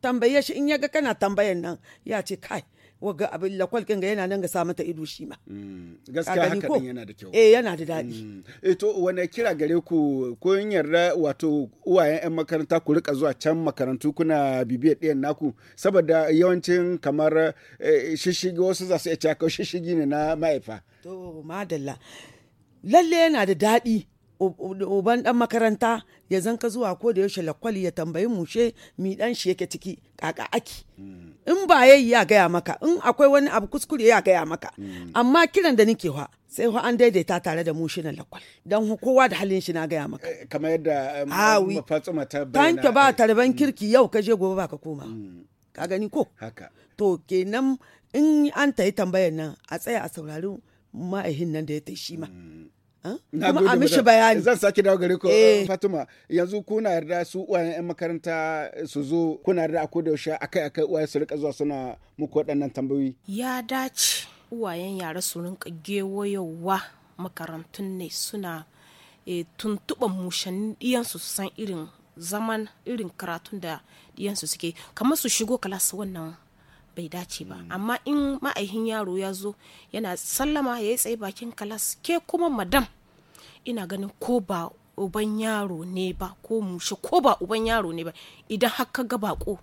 tambaye shi in ya ga kana tambayan nan ya ce kai waga abin lakwal kinga yana nan ga samu ta ido shi ma. Mm, gaskiya haka din yana da kyau. Eh yana da daɗi. Mm. Eh to wani kira gare ku ko yin yarda wato uwayen 'yan makaranta ku rika zuwa can makarantu kuna bibiyar ɗiyan naku saboda yawancin kamar eh, shishigi wasu za su iya shishigi ne na mahaifa. To madalla. Lalle yana da daɗi. uban dan makaranta ya zanka zuwa ko da yaushe lakwali ya tambayi mushe mi dan shi yake ciki kaka aki mm. in ba yayi ya gaya maka in akwai wani abu kuskure ya gaya maka mm. amma kiran da nake wa sai ho an daidaita tare da mushe na lakwal dan kowa da halin shi na gaya maka eh, kamar yadda um, fatsuma ta bayyana tanke ba tarban mm. kirki yau ka je gobe ba ka koma ka gani ko haka to kenan in an tayi tambayar nan a tsaya a saurari ma'ahin nan da ya ta shi ma kuma a mishi bayani zan sake dawo gare ku eh. Eh, fatima yanzu kuna yarda su uwayen yan makaranta eh, su zo kuna yarda ko da yaushe akai akai uwaye su rika zuwa suna muku waɗannan tambayoyi ya dace uwayen yara su rinka yawa makarantun ne suna e, tuntuɓan mushannin su san irin zaman irin karatun da ɗiyansu suke kamar su shigo kalas wannan bai dace ba hmm. amma in ma'aihin yaro ya zo yana sallama ya yi tsaye bakin kalas ke kuma madam ina ganin ko ba uban yaro ne ba ko mushe ko ba uban yaro ne ba idan har ka ga bako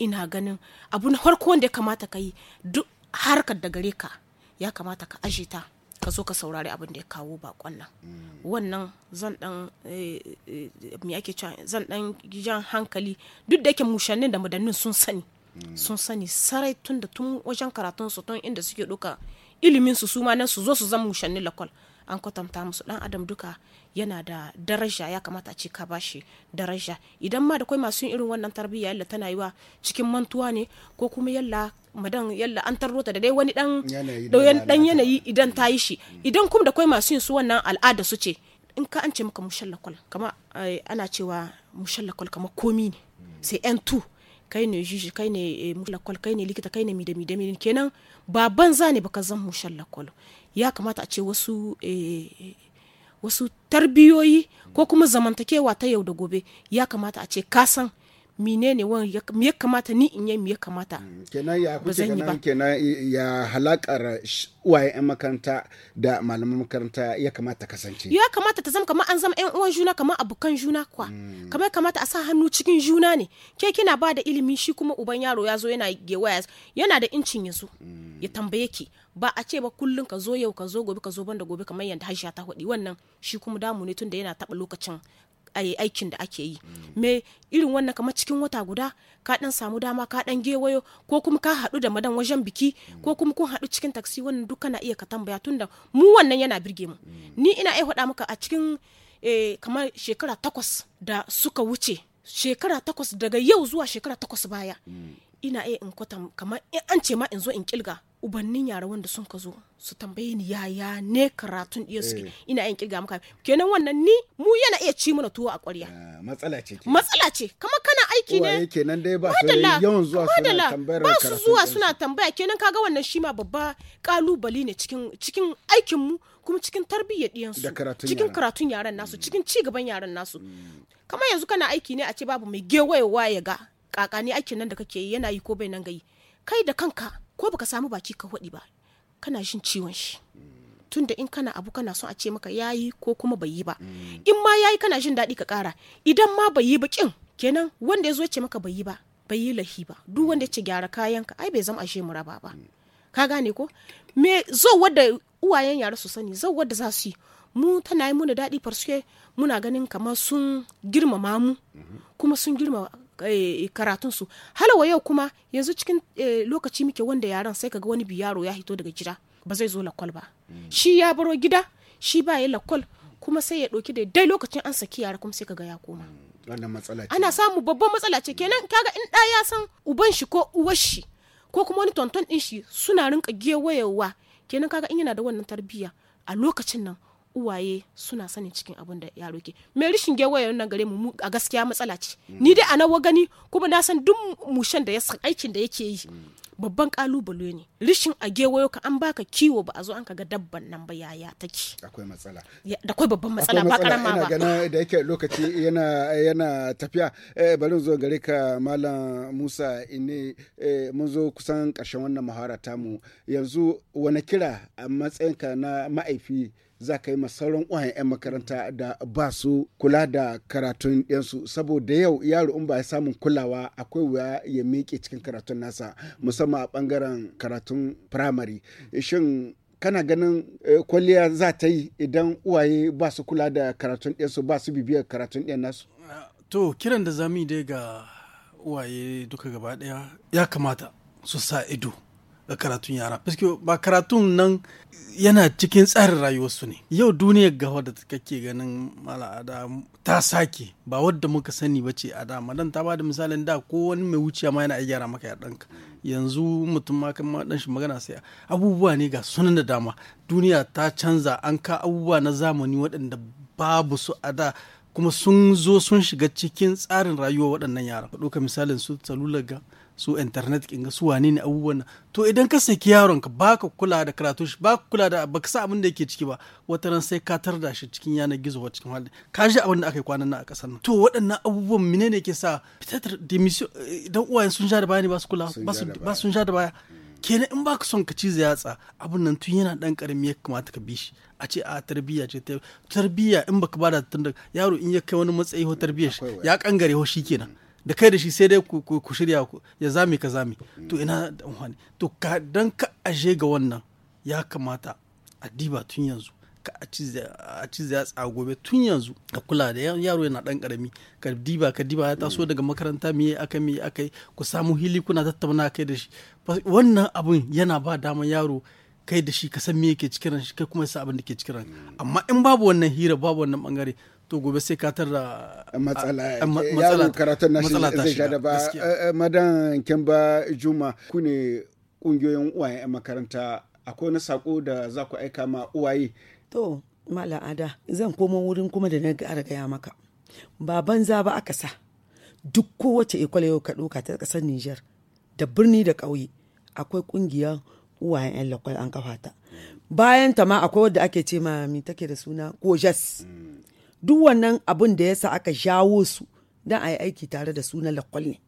ina ganin abu na farko wanda ya kamata ka yi duk harkar da gare ka ya kamata ka aje ta ka zo ka saurari abin da ya kawo bakon nan mm. wannan zan dan eh, eh, me yake cewa zan dan jan hankali duk da yake mushannin da madannin sun sani mm. sun sani sarai tun da tun wajen karatun su tun inda suke doka ilimin su suma nan su zo su zama mushannin lakol an kwatanta musu dan adam duka yana da daraja ya kamata a ce ka bashi daraja idan ma da kwai masu yin irin wannan tarbiyya yalla tana yiwa cikin mantuwa ne ko kuma yalla madan yalla an tarro ta da dai wani dan dan yanayi idan ta yi shi mm. idan kuma da kwai masu yin su wannan al'ada su ce in ka an ce maka mushallakul kama eh, ana cewa mushallakul kama komi ne mm. sai yan tu kai ne juji kai ne eh, mushallakul kai ne likita kai ne midami da kenan ba banza ne baka zan mushallakul ya kamata a ce wasu eh, wasu tarbiyoyi ko kuma zamantakewa ta yau da gobe ya kamata a ce kasan ne wani ya kamata ni in yi me ya kamata mm, kenan ya kuce kenan kenan ya halakar uwaye yan makaranta da malaman makaranta ya kamata kasance ya kamata ta zama kamar an zama yan uwan juna kamar abokan juna kwa mm. kamar kamata a sa hannu cikin juna ne ke kina ba da ilimi shi kuma uban yaro ya zo yana gewaya yana da incin ya zo ya mm. tambaye ki ba a ce ba kullum ka zo yau ka zo gobe ka zo banda gobe kamar yadda hajiya ta faɗi wannan shi kuma damu ne tunda yana taɓa lokacin aikin da ake yi me irin wannan kamar cikin wata guda ka dan samu dama ka dan gewayo ko kuma ka haɗu da madan wajen biki ko kuma kun haɗu cikin taksi wannan duka na iya ka tambaya tunda mu wannan yana birge mu ni ina ai faɗa maka a cikin eh, kamar shekara takwas da suka wuce shekara takwas daga yau zuwa shekara takwas baya ina iya in kwata kamar in an ce ma in zo in kilga ubannin yara wanda sun ka zo su tambaye ni yaya ne karatun eh. iya su ina yin kirga maka kenan wannan ni mu yana iya ci mana tuwo a ƙwarya matsala ce matsala ce kama kana aiki ne kenan dai ba su yawan zuwa suna tambayar ba su zuwa suna tambaya kenan kaga wannan shi ma babba kalubali ne cikin cikin aikin mu kuma cikin tarbiyyar diyan su cikin karatun yaran nasu cikin ci gaban yaran nasu mm. kama yanzu kana aiki ne a ce babu mai gewayewa ya ga kakani aikin nan da kake yi yana yi ko bai nan gayi kai da kanka ko baka samu baki ka hudi ba kana jin ciwon shi tunda in kana abu kana son a ce maka yayi ko kuma bai yi ba mm. in ma yayi kana jin daɗi ka ƙara idan ma bai yi ba kin kenan wanda ya zo ce maka bai yi ba bai yi lahi ba duk wanda ya ce gyara ka ai bai zama ashe mu raba ba mm. ka gane ko me zo wadda uwayen yara su sani zo wadda za su yi mu tana yi muna daɗi farsuke muna ganin kamar sun girmama mu mm-hmm. kuma sun girmama Eh, eh, karatunsu halawa yau kuma yanzu cikin eh, lokaci muke wanda yaran sai kaga wani biyaro ya hito daga gida ba zai zo lakwal ba mm. shi ya baro gida shi ba ya lakwal kuma sai ya ɗauki da dai lokacin an saki yara kuma sai kaga ya koma mm, ana samu babban matsala ce kenan kaga in da ya san uban shi ko uwar shi ko kuma wani tonton din shi suna rinka gewayewa kenan kaga in yana da wannan tarbiyya a lokacin nan uwaye suna sani cikin abin da yaro ke me rishin gewayen nan gare mu a gaskiya matsala ce ni dai a nawa gani kuma na san duk mushen da ya san aikin da yake yi babban kalubale ne rishin a gewayo ka an baka kiwo ba a zo an kaga dabban nan ba yaya take akwai matsala da akwai babban matsala ba karama ba gana da yake lokaci yana yana tafiya eh, bari zo gare ka malam Musa ine eh, mun zo kusan karshen wannan muhara tamu yanzu wani kira a matsayinka na ma'aifi za ka yi ma sauran uwayen 'yan makaranta da ba su kula da karatun yansu saboda yau yaro in ba ya samun kulawa akwai wuya ya miƙe cikin karatun nasa musamman a ɓangaren karatun firamare shin kana ganin eh, kwalliya za ta yi idan uwaye ba su kula da karatun yansu ba su bibiyar karatun yan nasu to kiran da zamu dai ga uwaye duka gaba ya kamata su sa ido karatun yara fiske ba karatun nan yana cikin tsarin rayuwarsu ne yau duniyar gawa da kake ganin mala ta sake ba wadda muka sani ba ce a da don ta ba da misalin da ko wani mai wuciya ma yana gyara maka ya ɗanka yanzu mutum ma kan ma shi magana sai abubuwa ne ga sunan da dama duniya ta canza an ka abubuwa na zamani waɗanda babu su a da kuma sun zo sun shiga cikin tsarin rayuwa waɗannan yara ɗauka misalin su salula ga. su internet kinga su wane ne abubuwan nan to idan ka saki yaron ka baka kula da karatu shi baka kula da baka sa abin da yake ciki ba wata ran sai ka tarda shi cikin yanar gizo wa cikin hali ka ji abin da aka yi kwanan nan a kasar nan to waɗannan abubuwan mine ne ke sa fitar demission idan uwaye sun sha da baya ne ba su kula ba sun sha da baya kenan in baka son ka cize yatsa abin nan tun yana dan karami ya kamata ka bi shi a ce a tarbiyya ce tarbiyya in baka bada tun yaro in ya kai wani matsayi ho tarbiyya ya kangare ho kenan da kai da shi sai dai ku shirya ya zami ka zami to ina da amfani to ka dan ka aje ga wannan ya kamata a diba tun yanzu ka a ci a tsa gobe tun yanzu ka kula da yaro yana dan karami ka diba ka diba ya taso daga makaranta me aka me aka ku samu hili kuna tattauna kai da shi wannan abun yana ba dama yaro kai da shi ka san me yake cikin ranshi kai kuma sa abin da ke cikin amma in babu wannan hira babu wannan bangare to gobe sai ka tara matsala yaro karatun shi zai sha da ba eh, eh, madan kemba juma ku ne kungiyoyin uwaye a makaranta akwai wani sako da za ku aika ma uwaye to mala ada zan komo wurin kuma da na ga gaya maka ba banza ba aka sa duk kowace ikwale yau ka ɗauka ta ƙasar Nijar da birni da ƙauye akwai ƙungiyar uwaye 'yan lakwal an kafa ta bayan ta ma akwai wadda ake ce ma mi take da suna kojas mm. duk wannan abin da yasa aka jawo su don a yi aiki tare da su na lakwal ne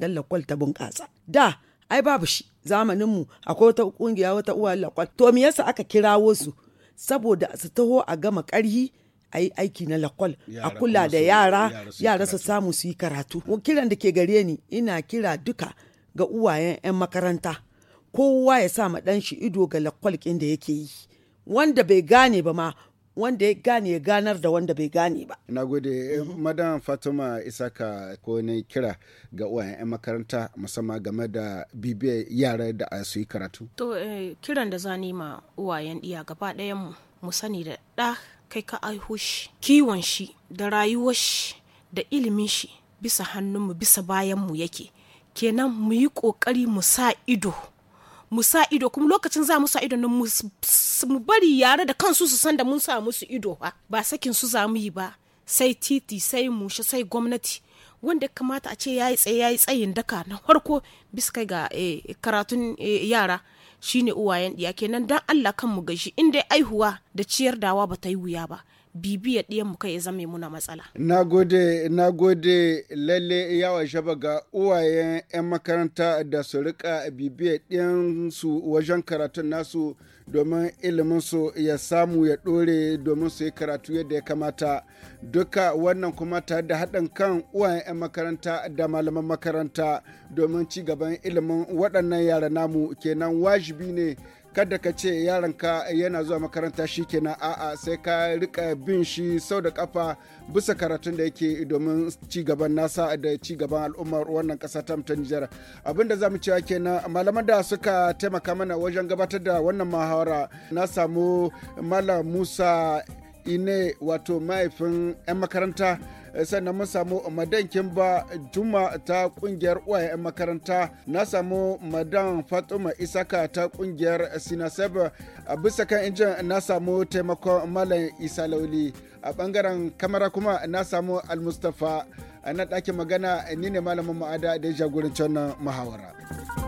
don lakwal ta bunƙasa da ai babu shi zamaninmu akwai wata ƙungiya wata uwa lakwal to me yasa aka kirawo su saboda su taho a gama ƙarhi a yi aiki na lakwal a kula da yara yara su samu su yi karatu kiran da ke gare ni ina kira duka ga uwayen 'yan makaranta kowa ya sa ma ɗan shi ido ga lakwal da yake yi wanda bai gane ba ma wanda ya gane ya ganar da wanda bai gane ba. ina gode, eh, mm Fatima Isaka ko ne kira ga uwayen 'yan makaranta musamman game da bibiyar yara da su yi karatu. To, eh, kiran da za ma uwayen iya gaba ɗayan mu, mu sani da ɗa kai ka aihu shi, kiwon shi, da rayuwar shi, da ilimin shi bisa hannunmu bisa bayanmu yake. Kenan mu yi ƙoƙari mu sa ido mu sa ido kuma lokacin za mu sa ido nan mu bari yare da kansu su san da mun sa musu ido ba ba sakin su za mu yi ba sai titi sai mushe sai gwamnati wanda ya kamata a ce yayi tsaye ya tsayin daka na farko biskai ga eh, karatun eh, yara shine uwayen diya kenan dan Allah kan mu gashi inda aihuwa da ciyar dawa ba ta yi wuya ba bibiyar ɗiyan mu kai ya zame muna matsala. Na gode, na gode lalle yawa shaba ga uwayen 'yan makaranta da su rika bibiyar ɗiyan su wajen karatun nasu domin ilimin su ya samu ya ɗore domin su yi karatu yadda ya kamata. Duka wannan kuma tare da haɗin kan uwayen 'yan makaranta da malaman makaranta domin ci gaban ilimin waɗannan yara namu kenan wajibi ne kada ka ce yaranka yana zuwa makaranta shi kenan a'a sai ka rika bin shi sau da kafa bisa karatun da yake domin ci gaban nasa da ci gaban al'ummar wannan kasa ta ta Nijar abinda za mu cewa kenan malaman da suka taimaka mana wajen gabatar da wannan muhawara na samu malam Musa Ine wato mahaifin 'yan makaranta Eh, sannan mun samu madan kimba juma ta kungiyar uwayen makaranta na samu madan fatuma isaka ta kungiyar sinaseb a bisa kan injin na samu taimakon malam isa lauli a bangaren kamara kuma na samu almustafa na nan ɗakin magana ni ne malamin ma'ada da jagorancin muhawara.